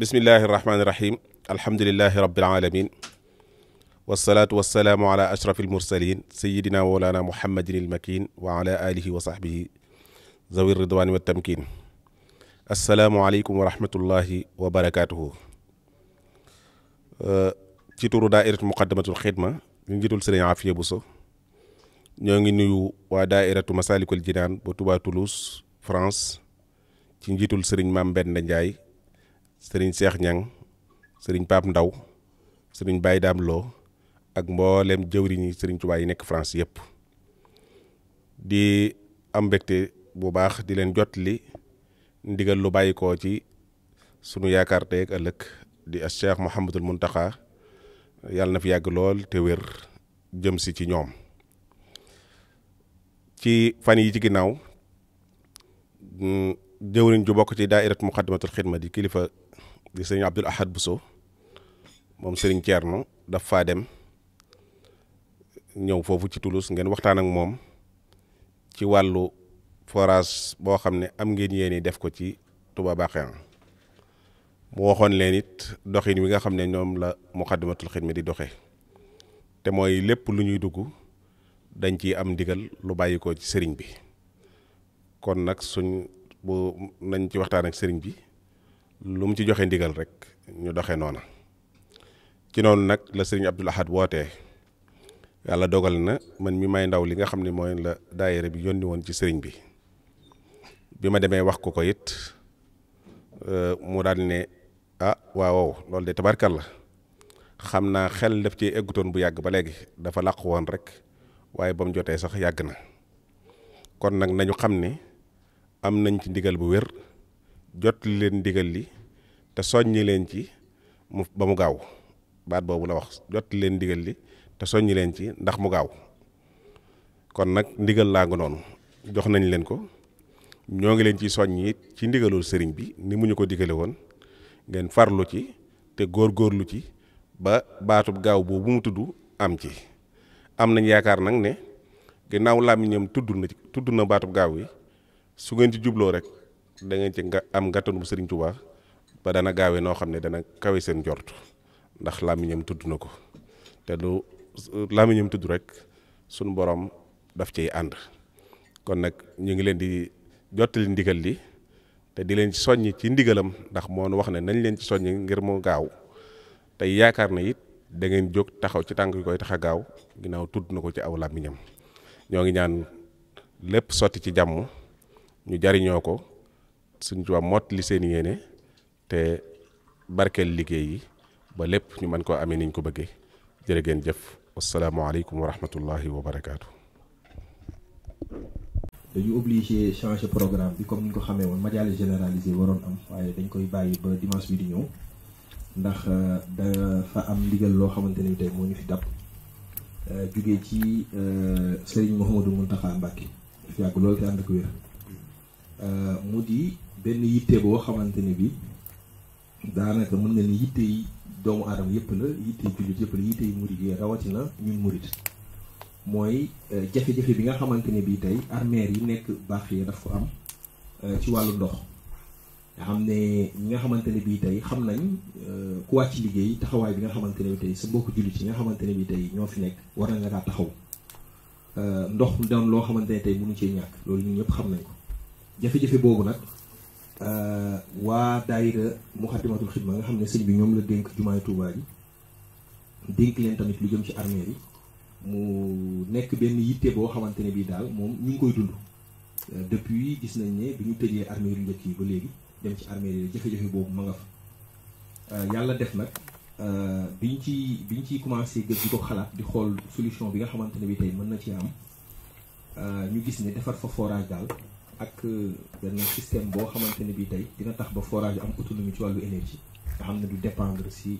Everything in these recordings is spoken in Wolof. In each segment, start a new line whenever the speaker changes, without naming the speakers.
bismillahi irrahmani irahim alhamdulilahi rabbil alamin wasalaatu wasalaamu ala ashraf almursalin sayidina mawlana muhammadin ilmakin wa ala alihi wa sahbihi zawi ridwani wa tamkin asalaamualeykum wa rahmatullahi wa barakatuhu euh, ci turu daairat muqaddamatul xidma ñu njiitul sëriñ Afiya Buso ñoo ngi nuyu waa daairatu masalikul jinaan ba Touba Toulouse France ci njiitul sëriñ Maam Benn Njaay sëriñ Cheikh Niang sëriñ Pape Ndaw sëriñ Baye Dame Lo ak mboolem jëwriñi sëriñ Tuubaa yi nekk France yëpp di am mbégte bu baax di leen jot li ndigal lu bàyyi ko ci sunu yaakaar tey ak ëllëg di as Cheikh Mouhamadul Mountakha yàlla na fi yàgg lool te wér jëm si ci ñoom ci fan yi ci ginnaaw mm, jëwriñ ju bokk ci daairat Muqaddamatul Xidma di kilifa di sëriñ Abdul Ahad Bousso moom sëriñ Thierno daf faa dem ñëw foofu ci Toulouse ngeen waxtaan ak moom ci wàllu forage boo xam ne am ngeen yéeni def ko ci Touba Bakhiya mu waxoon leen it doxin wi nga xam ne ñoom la Muqaddimatul mi di doxe te mooy lépp lu ñuy dugg dañ ciy am ndigal lu bàyyi ko ci sëriñ bi kon nag suñ bu nañ ci waxtaan ak sëriñ bi lu mu ci joxe ndigal rek ñu doxe noona ci noonu nag la sëriñ Abdul Ahad wootee yàlla dogal na man mi may ndaw li nga xam ne mooy la yére bi yónni woon ci sëriñ bi bi ma demee wax ko ko it euh, mu daal ne ah waaw loolu de la xam naa xel daf ci eggutoon bu yàgg ba léegi dafa làq woon rek waaye ba mu jotee sax yàgg na kon nag nañu xam ne am nañ ci ndigal bu wér jot leen diggal li te soññi leen ci mu ba mu gaaw baat boobu la wax jot leen ndigal li te soññi leen ci ndax mu gaaw kon nag ndigal laa nga noonu jox nañ leen ko ñoo ngi leen ci soññ ci ndigalul sëriñ bi ni mu ñu ko digale woon ngeen farlu ci te góor góorlu ci ba baatub gaaw boobu mu tudd am ci am nañ yaakaar nag ne ginnaaw làmmiñam tudd na tudd na baatub gaaw yi su ngeen ci jubloo rek da ngeen ci nga am gàttanu bu sëriñ Tuubaa ba dana gaawee noo xam ne dana kawe seen jort ndax làmmiñam tudd na ko te lu làmmiñam tudd rek sunu borom daf ciy ànd kon nag ñu ngi leen di jottali ndigal li te di leen ci soññ ci ndigalam ndax moon wax ne nañ leen ci soññ ngir mu gaaw tey yaakaar na it da ngeen jóg taxaw ci tànk yi koy tax a gaaw ginnaaw tudd na ko ci aw làmmiñam ñoo ngi ñaan lépp sotti ci jàmm ñu jariñoo ko suñ tubaab mot li seen yéene te barkeel liggéey yi ba lépp ñu mën koo amee nañ ko bëggee jërë gen jëf wasalaamualeykum aleykum rahmatullahi wa barakaatu.
dañu obligé changer programme bi comme ni ko xamee woon majalis généralisé waroon am waaye dañ koy bàyyi ba dimanche bi di ñëw ndax euh, dafa am ndigal loo xamante ni moo ñu fi dab euh, jugee ci euh, Serigne Mouhamadou Mountakha Mbacké fi yàgg loolu te ànd ak wér mu di. benn yitte boo xamante ni bi daanaka mën nga ni yitte yi doomu aadama yëpp la yitte yi jullit yëpp la yitte yi murit yi rawatina ñun murit mooy euh, jafe-jafe bi nga xamante ni bi tey armeer yi nekk baax yi daf ko am euh, ci wàllu ndox nga xam ne ñi nga xamante ne bii tey xam nañ euh, ku wàcc liggéey taxawaay bi nga xamante ne tey sa mbokku jullit yi nga xamante ne bii tey ñoo fi nekk war na nga daa taxaw ndox doon loo xamante ne tey mënu ci ñàkk loolu ñun ñëpp xam nañ ko jafe-jafe boobu nag Euh, waa daay daayira Muxaddamatul Xidma nga xam ne sëñ bi ñoom la dénk jumaay Tuubaa ji dénk leen tamit lu jëm ci armée yi mu nekk benn yitte boo xamante ne bii daal moom ñu ngi koy dund euh, depuis gis nañ ne bi ñu tëjee armée yu njëkk yi ba léegi dem ci armée yi jafe-jafe boobu ma nga fa euh, yàlla def nag bi ñu ci bi biñ ciy commencé gëj di ko xalaat di xool solution bi nga xamante ne bii tey mën na ci am ñu gis ni defar fa forage daal ak euh, benn système boo xamante ne bii tey dina tax ba forage am autonomie ci wàllu énergie nga xam ne du dépendre si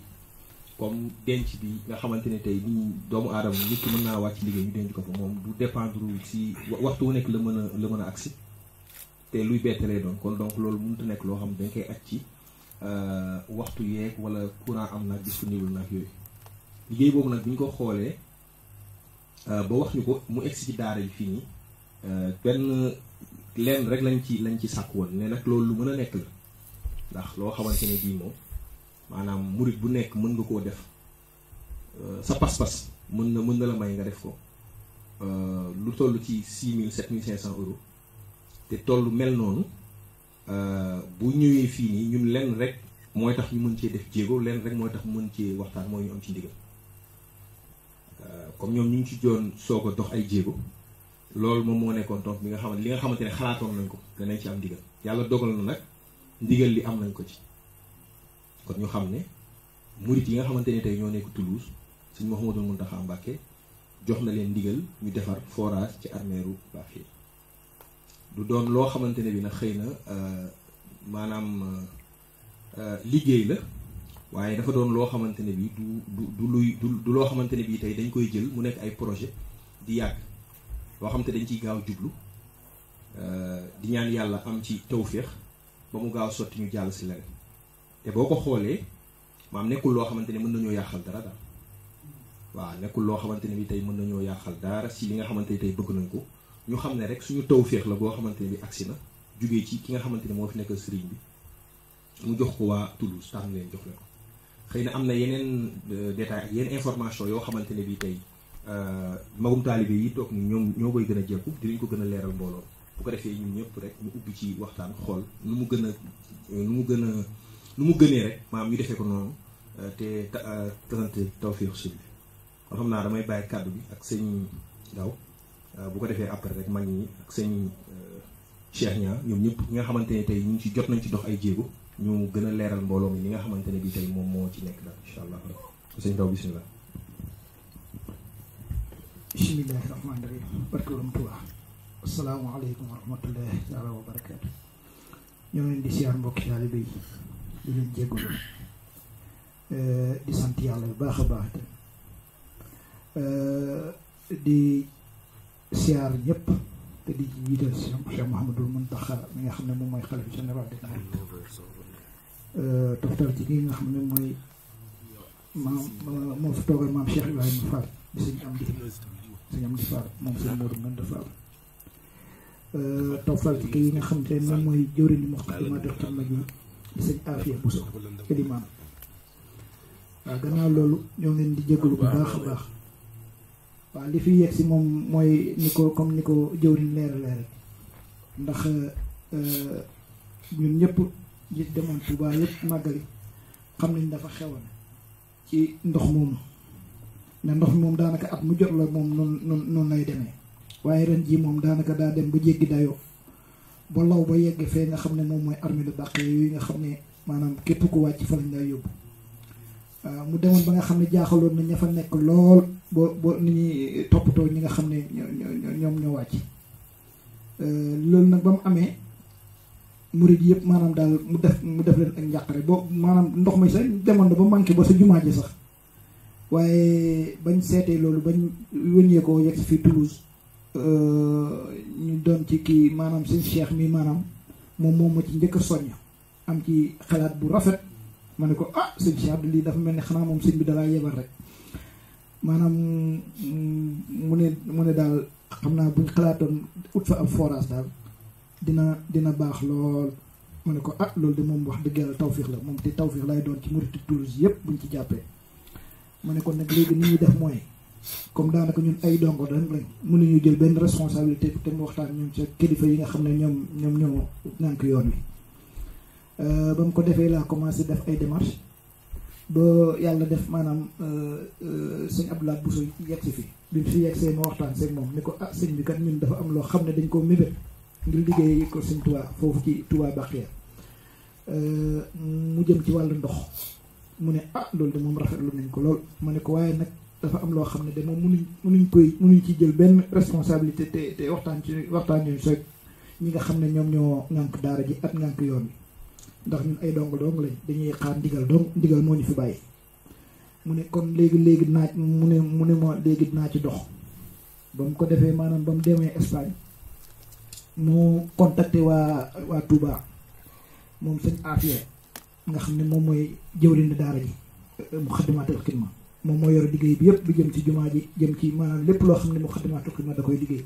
comme denc bi nga xamante ne tey nii doomu aadama nit ki mën naa wàcc liggéey ñu denc ko moom du dépendre si waxtu wu nekk la mën a la mën a luy bett lay kon donc loolu mënut a nekk loo xam dañ koy aj ci euh, waxtu yeeg wala courant am naag disponible naag yooyu liggéey boobu nag bi ñu ko xoolee euh, ba wax ñu ko mu egsi ci daara yi fii nii benn. leen rek lañ ci lañ ci sàkk woon ne nag loolu lu mën a nekk la ndax loo xamante ne bii moom maanaam murit bu nekk mën nga koo def euh, sa pas-pas mën na mën na la may nga def ko euh, lu toll ci six mille sept mille cinq cent euros te toll mel noonu euh, bu ñëwee fii nii ñun lenn rek mooy tax ñu mën cee def jéego lenn rek mooy tax mën cee waxtaan mooy ñu am ci ndigal comme ñoom ñu ngi ci joon soog a dox ay jéego loolu moom moo nekkoon donc bi nga xamante li nga xamante ne xalaatoon nañ ko danañ ci am ndigal yàlla dogal na nag ndigal li am nañ ko ci kon ñu xam ne murit yi nga xamante ne tey ñoo nekk Toulouse sëñ Mouhamadou Mountakha Mbacké jox na leen ndigal ñu defar forage ci armeeru Baaxi du doon loo xamante ne bi nag xëy na euh, maanaam euh, euh, liggéey la waaye dafa doon loo xamante ne bi du du du loo xamante ne bi tey dañ koy jël mu nekk ay projet di yàgg loo xam te dañ ci gaaw jublu euh, diñaan yàlla am ci tawféex ba mu gaaw sotti ñu jàll si leneen te boo ko xoolee maam nekkul loo xamante ne mën nañoo yàqal dara waaw nekkul loo xamante ne bi tey mën nañoo yàqal dara si li nga xamante ne tey bëgg nañ ko ñu xam ne rek suñu tawféex la boo xamante ne bi agsi na jugee ci ki nga xamante ne moo fi nekk sëriñ bi mu jox ko waa Toulouse tax leen jox leen ko xëy na am na yeneen euh, détail ak information yoo xamante ne bi tey Euh, magum taalibe yi toog ni ñoom ñoo koy gën a jekku dinañ ko gën a leeral mbooloo bu ko defee ñun ñëpp rek ñu ubbi ci waxtaan xool nu mu gën a mu gën a nu mu gënee rek maam ñu defee ko noonu euh, te tasante tawfiix suñ xam naa damay bàyyi kàddu bi ak sëñ daw euh, bu ko defee après rek mag ñi ak sëñ Cheikh ñaa ñoom ñëpp ñi nga xamante ne tey ñu ngi ci jot nañ ci dox ay jéego ñu gën a leeral mbooloo mi ñi nga xamante ne bi tey moom moo ci nekk daal incha allah sëñ daw bisimilah
bismillaahi rahmaani rahiim barke Borom Tuubaa asalaamaaleykum wa rahmatullaahi taala wa barakaatu ñoo leen di siyaar mbokki taalibe yi di leen jégalu eh, di sant yàlla bu baax a baax eh, di siyaar ñëpp te di jiital Cheikh Mouhamadul Muntaxa mi nga xam ne moom mooy xalifa général de Mouride eh, toftal ci kii nga xam ne mooy maam moo fi toogal maam Cheikh Ibrahima Fall di sëñ am di sëñ Amdi Fall moom sëñ Modou Mbenda Fall euh, taw Fall yi nga xam te moom mooy jëwriñu Moukhaddamatoul Khidma ji di sëñ Afia Bousso Eliman waaw gannaaw loolu ñoo ngeen di jégalu bu baax baax waaw li fi yegg si moom mooy ni ko comme ni ko jëwriñ leer leer ndax euh, ñun ñëpp ñi demoon Touba yëpp màggali xam nañ dafa xewoon ci ndox moomu ne ndox moom daanaka at mu jot la moom noonu noonu lay demee waaye ren jii moom daanaka daa dem ba jéggi dayoo ba law ba yegg fee nga xam ne moom mooy armée de Bàqe yooyu nga xam ne maanaam képp ku wàcc fa lañ lay yóbbu euh, mu demoon ba nga xam ne jaaxaloon na ña fa nekk lool ba ba ni ñuy toppatoo ñi nga xam ne ñoom ñoo wàcc euh, loolu nag ba mu amee murid yëpp maanaam daal mu def mu def leen ak njàqare boo maanaam ndox mi sax demoon na ba manqué ba sa jumaa ji sax. waaye bañ seetee loolu bañ wëññee ko yegg fi Toulouse euh, ñu doon ci kii maanaam seen cheikh mi maanaam moom moom ma ci njëkk a soññ am ci xalaat bu rafet ma ne ko ah sëñ Cheikh dafa mel ne xanaa moom sëñ bi dalaa yebal rek maanaam mm, mu ne mu ne daal xam naa buñ xalaatoon ut fa ab forage daal dina dina baax lool ma ne ko ah loolu de moom wax dëgg yàlla tawfiix la moom te tawfiix lay doon ci muriti Toulouse yëpp buñ ci jàppee mu ne kon nag léegi li ñuy def mooy comme daa daanaka ñun ay dongo rek lañ mënuñu jël benn responsabilité te mu waxtaan ñoom ca kilifa yi nga xam ne ñoom ñoom ñoo nànk yoon wi. Euh, ba mu ko defee laa commencé def ay démarches ba yàlla def maanaam euh, euh, sëñ Abdoulaye Bousso yegg si fi bi mu fi see ma waxtaan seeg moom ni ko ah sëñ bi kat ñun dafa am loo xam ne dañ koo mébét ngir liggéey ko sëñ Touba foofu ci Touba Bakhia mu jëm ci wàll ndox. mu ne ah loolu de moom rafetlu nañ ko lool ma ne ko waaye nag dafa am loo xam ne de moom mu nuñ koy munuñ ci jël benn responsabilité te te waxtaan ci waxtaan ñu soog ñi nga xam ne ñoom ñoo ŋànk daara ji ak ŋànk yoon bi ndax ñun ay dong dong lañ dañuy xaar ndigal dong ndigal moo ñu fi bàyyi mu ne kon léegi léegi naa mu ne mu ne moo léegi dinaa ci dox ba mu ko defee maanaam ba mu demee Espagne mu contacté waa waa Touba moom sëñ Afia nga xam ne moom mooy jëwriñu daara ji Moukhaddamatoul Khidma moom moo yor liggéey bi yëpp bi jëm ci jumaa ji jëm ci maanaam lépp loo xam ne Moukhaddamatoul Khidma da koy liggéey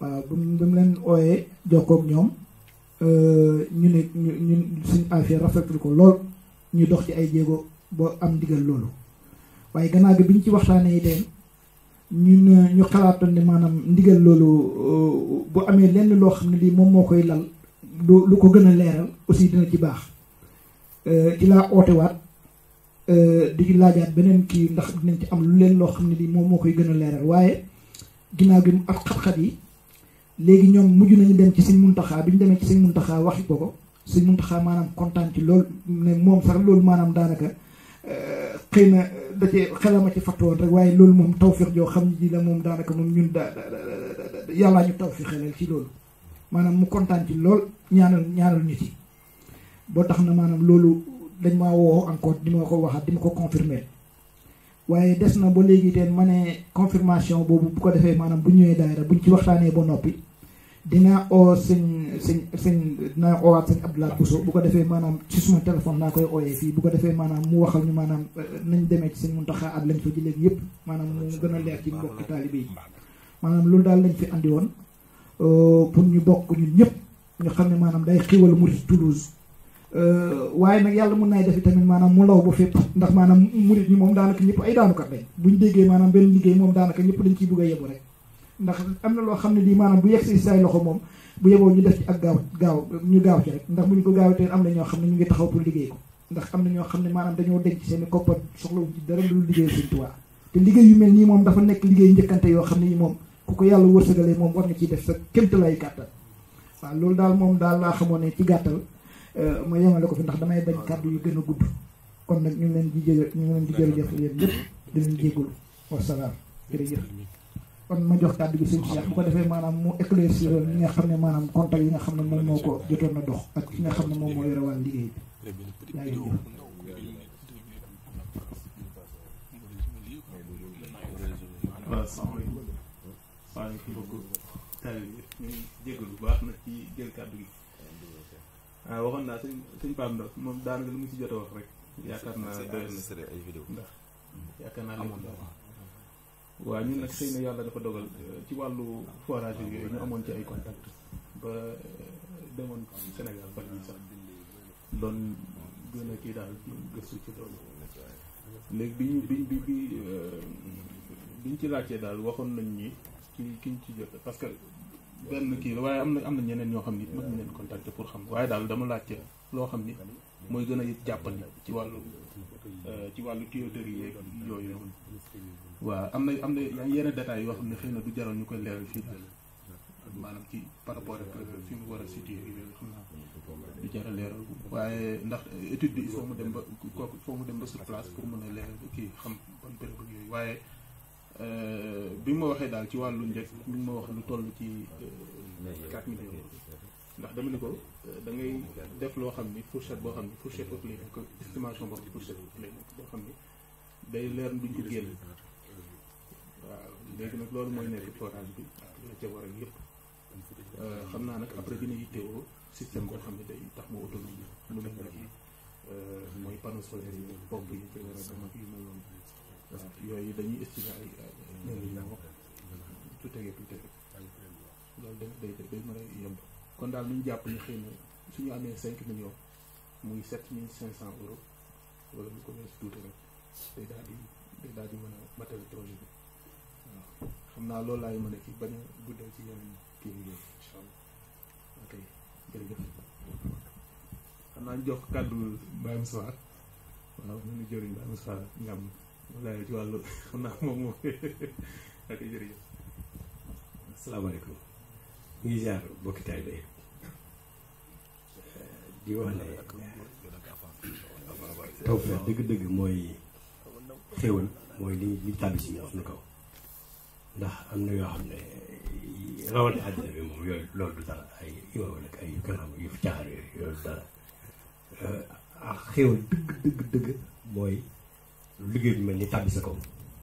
waaw bu bu mu leen ooyee jokkoog ñoom euh, ñu ne ñu ñun rafetlu ko lool ñu dox ci ay jéego ba am digal loolu waaye gannaaw bi ñu ci waxtaanee itam ñun ne maanaam ndigal loolu euh, bu amee lenn loo xam ne lii moom moo koy lal lu ko gën a leeral aussi dina ci baax ci euh, laa ootewaat euh, di ci laajaat beneen kii ndax dinañ ci am lu leen loo xam ne di moom moo koy gën a leeral waaye ginnaaw gi ak xat-xat yi léegi ñoom mujj nañu dem ci sëñ Muntaxa bi ñu demee ci sëñ Muntaxa waxi ko ko sëñ Muntaxa maanaam kontaan ci lool ne moom sax loolu maanaam daanaka euh, xëy na da cee xelama ci fattu woon rek waaye loolu moom tawféex joo xam ne la moom daanaka moom ñun da yàllaa ñu tawféexalal ci loolu maanaam mu kontaan ci lool ñaanal ñaanal nit yi boo tax na maanaam loolu dañ ma woo encore di ma ko waxaat di ma ko confirmer waaye des na ba léegi teen ma ne confirmation boobu bu ko defee maanaam bu ñëwee daayira buñ ci waxtaanee ba noppi dinaa oo sëñ sëñ sëñ dinaa oowaat sëñ Abdoulaye Bousso bu ko defee maanaam ci suma téléphone naa koy ooyee fii bu ko defee maanaam mu waxal ñu maanaam euh, nañ demee ci sëñ Muntaxa ak lañ fa ji léegi yëpp maanaam mu gën a leer ci mbokki taalibe yi maanaam loolu daal lañ fi andi woon euh, pour ñu bokk ñun ñëpp ñu xam ne maanaam day xiwal Mouride Toulouse Euh, waaye nag yàlla mun naay def tamit maanaam mu law ba fépp ndax maanaam murit ñi moom daanaka ñëpp ay daanukat lañ buñ déggee maanaam benn liggéey moom daanaka ñëpp dañ ciy bëgg a yebu rek ndax am na loo xam ne lii maanaam bu yegg si say loxo moom bu yeboo ñu def ci ak gaaw gaaw ñu gaaw ndax bu ko gaawatee am na ñoo xam ne ñu ngi taxaw pour liggéey ko ndax na ñoo xam ne maanaam dañoo denc seen i koppar soxlawuñ ci dara lu liggéey Sëñ te liggéey yu mel nii moom dafa nekk liggéey njëkkante yoo xam ne yi moom ku ko yàlla wërsëgalee moom war nga ciy def sa kémta lay gàttal waaw loolu daal moom daal laa xamoon ne ci gàttal Euh, ma yemale ko fi ndax damay bañ kàddu yi gën a gudd kon nag ñu ngi leen di ñu ngi leen di jërëjëf yéen ñëpp di leen jégalu wasalaam jërëjëf kon ma jox kàddu gi sëñ Cheikh bu ko defee maanaam mu éclaircir ñi nga xam ne maanaam contact yi nga xam ne moom moo ko jotoon na dox ak ki nga xam ne moom moo yore wàllu liggéey bi yaa ngi
jëf waaw salaamaaleykum waaleykum mbokk taal bi ñu jégalu bu baax nag ci jël kàddu gi waaw ah, waxoon naa sëñ sëñ Pape Ndao moom daanaka lu mu si jot a wax rek. yaakaar naa doy ay vidéo ndax yaakaar naa amoon na waaw ñun nag seen na yàlla dafa dogal euh, ci wàllu forage yooyu ñu amoon ci ay contact ba euh, demoon Sénégal fan yi sax doon gën a kii daal gëstu ci loolu léegi bi ñu bi bi euh, bi ñu ci laajtee daal waxoon nañ ñi ki kiñ ci jot parce que benn kii waaye am na am na ñeneen ñoo xam ni mën nañ leen contacter pour xam waaye daal dama laajte loo xam ni mooy gën a jàppandi ci wàllu euh, ci wàllu tuyauterie yeeg yooyu noonu. waa am na am na yenn détails yoo xam ne xëy na du jaral ñu koy leeral fii maanaam ci par rapport euh, fi mu war a situé yooyu xam naa du jar leeral waaye ndax étude bi il faut mu dem ba kooku il faut mu dem ba sur place pour mën a leeral kii xam ban béréb yooyu waaye. Euh, bi ma waxee daal ci wàllu njëkk mi ma wax lu toll ci 4 euh, millions ndax dama ne ko euh, da ngay def loo xam ni fourchette boo xam ni fourchette haute lay nekk estimation boo xam ni fourchette boo xam ni day leer duñ ko génn waaw léegi nag loolu mooy nekk forage bi la ca war ak yëpp xam naa nag après dina yittewoo système boo xam ne day tax mu autonome lu mel ni mooy panneau solaire yi pompe yi ci war a yooyu dañuy estimer ay ay ay su tegee du tege loolu day day day mën yomb kon daal ñu jàpp ni xëy na suñu amee cinq millions muy sept mille cinq cent euros wala lu ko weesu tuuti rek day daal di day daal di mën a bi waaw xam naa loolu laay mën a kii bañ a ci yeneen kii bi yooyu xam naa ñu jox kàddu Baye Moussa waaw ñu ngi jëriñ Baye Moussa ñam walaay ci wàllu xam moom moom eh,
wax ne eh, li li tàbbi si ñoom suñu kaw ndax am na yoo xam ne rawante àddina bi moom yooyu loolu dara ay yoo nag ay kanam yu caaxaan loolu dara eh, ak xéwal dëgg dëgg mooy liggéey bi mel ni tàbbi sa kaw